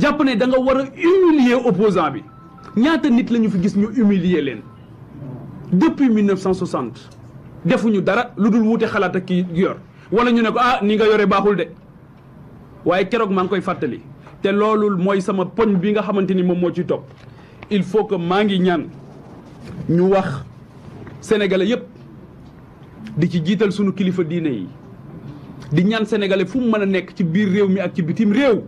jàpp ne da nga war a humilier opposant bi ñaata nit la ñu fi gis ñu humilier leen depuis 1960 defuñu dara lu dul wuute xalaat ak ki yor wala ñu ne ko ah ni nga yore baaxul de waaye keroog maa ngi koy fàttali te loolu mooy sama poñ bi nga xamante ni moom moo ci topp il faut que maa ngi ñaan ñu wax sénégalais yépp di ci jiital sunu kilifa diine yi di ñaan sénégalais fu mu mën a nekk ci biir réew mi ak ci bitim réew.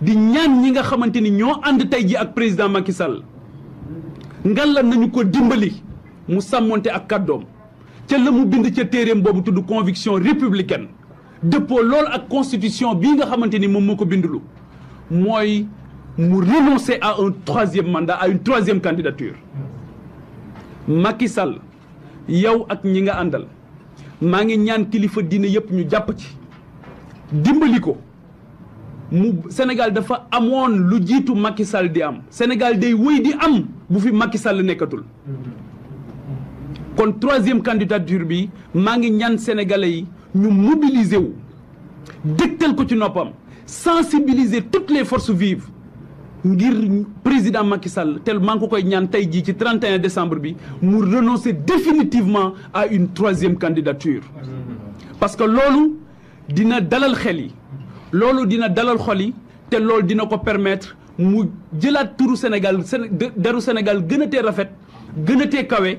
di ñaan ñi nga xamante ni ñoo ànd tey ji ak président Macky Sall ngalla nañu ko dimbali mu sàmmonte ak kàddoom ca la mu bind ca téeréem boobu tudd conviction républicaine dëppoo lool ak constitution bi nga xamante ni moom moo ko bindulu mooy mu renoncer à un troisième mandat à une troisième candidature Macky Sall yow ak ñi nga àndal maa ngi ñaan kilifa dina yëpp ñu jàpp ci dimbali ko mu Sénégal dafa amoon lu jiitu Macky Sall di am Sénégal day wéy di am bu fi Macky Sall nekkatul kon troisième candidature bi maa ngi ñaan sénégalais yi ñu mobiliser wu dëgtal ko ci noppam sensibiliser toutes les forces vives ngir président Macky Sall tel maa koy ñaan tey jii ci 31 décembre bi mu renoncer définitivement à une troisième candidature parce que loolu dina dalal xel yi loolu dina dalal xol te loolu dina ko permettre mu jëlaat turu Sénégal deru Sénégal gën a tee rafet gën a tee kawe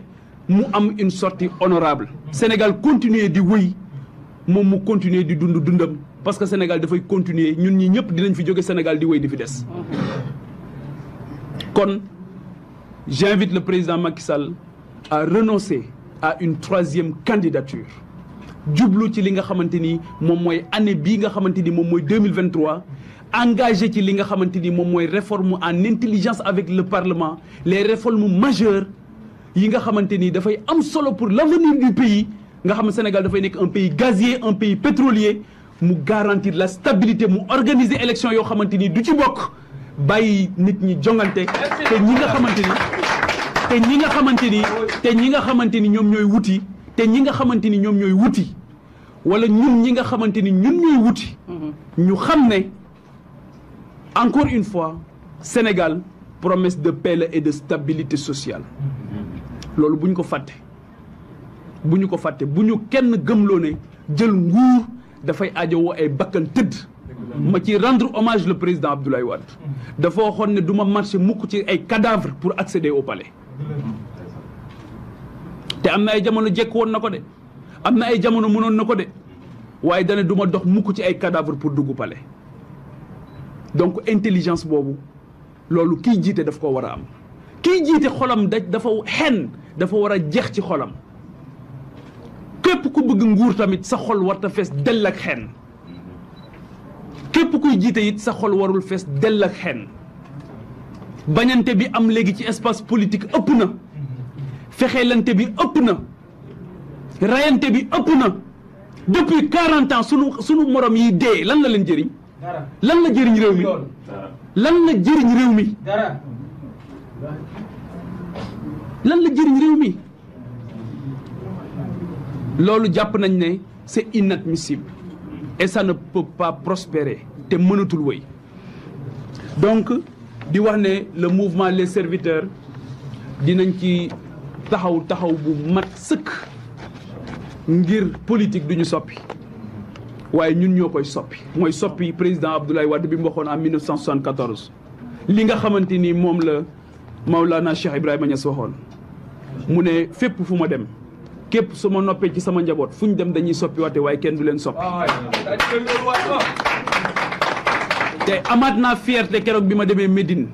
mu am une sortie honorable Sénégal continuer di wëy moom mu continuer di dund dundam parce que Sénégal dafay continuer ñun ñi ñëpp dinañ fi jóge Sénégal di wëy di fi des kon j'invite le président Macky Sall à renoncer à une troisième candidature jublu ci li nga xamante ni moom mooy année bii nga xamante ni moom mooy 2023 engagé ci li nga xamante ni moom mooy réforme en intelligence avec le parlement les réformes majeures yi nga xamante ni dafay am solo pour l'avenir du pays nga xam Sénégal dafay nekk un pays gazier un pays pétrolier mu garantir la stabilité mu organiser élection yoo xamante ni du ci bokk bàyyi nit ñi jongante te ñi nga xamante ni te ñi nga xamante ni te nga xamante ni ñoom ñooy wuti te ñi nga xamante ni ñoom ñooy wuti wala ñun ñi nga xamante ni ñun ñuy wuti. Mhm. ñu xam ne encore une fois Sénégal promesse de paix la et de stabilité sociale. Mhm. loolu bu ñu ko fàtte bu ñu ko fàtte bu ñu kenn gëmloo ne jël nguur dafay ajowoo ay bakkan tëdd. ma ci rendre hommage le président Abdoulaye Wade. Mhm. dafa waxoon ne du ma marché mukk ci ay cadavre pour accéder au palais. te am na ay jamono jekk woon na ko de. am na ay jamono mënoon na ko de waaye dana du ma dox mukk ci ay cadavre pour dugg palais donc intelligence boobu loolu kiy jiite daf ko war a am kiy jiite xolam daj dafa xenn dafa war a jeex ci xolam képp ku bëgg nguur tamit sa xol war ta fees dell ak xen képp kuy jiite it sa xol warul fees dell ak xen bañante bi am léegi ci espace politique ëpp na fexeelante bi ëpp na rayante bi ëpp na depuis 40 ans sunu sunu morom yi dee lan la leen jëriñ. lan la jëriñ réew mi lan la jëriñ réew mi. lan la jëriñ réew mi loolu jàpp nañ ne c'est inadmissible et ça ne peut pas prospérer te mënatul woy donc di wax ne le mouvement les serviteurs dinañ ci taxaw taxaw bu mat sëkk. ngir politique duñu soppi waaye ñun ñoo koy soppi mooy soppi président Abdoulaye Wade bi mu waxoon en 1974 li nga xamante ni moom la Maulana Cheikh Ibrahima Niass waxoon mu ne fépp fu ma dem képp su ma noppee ci sama njaboot fu ñu dem dañuy soppi waate waaye kenn du leen soppi te amaat naa fierté keroog bi ma demee Médine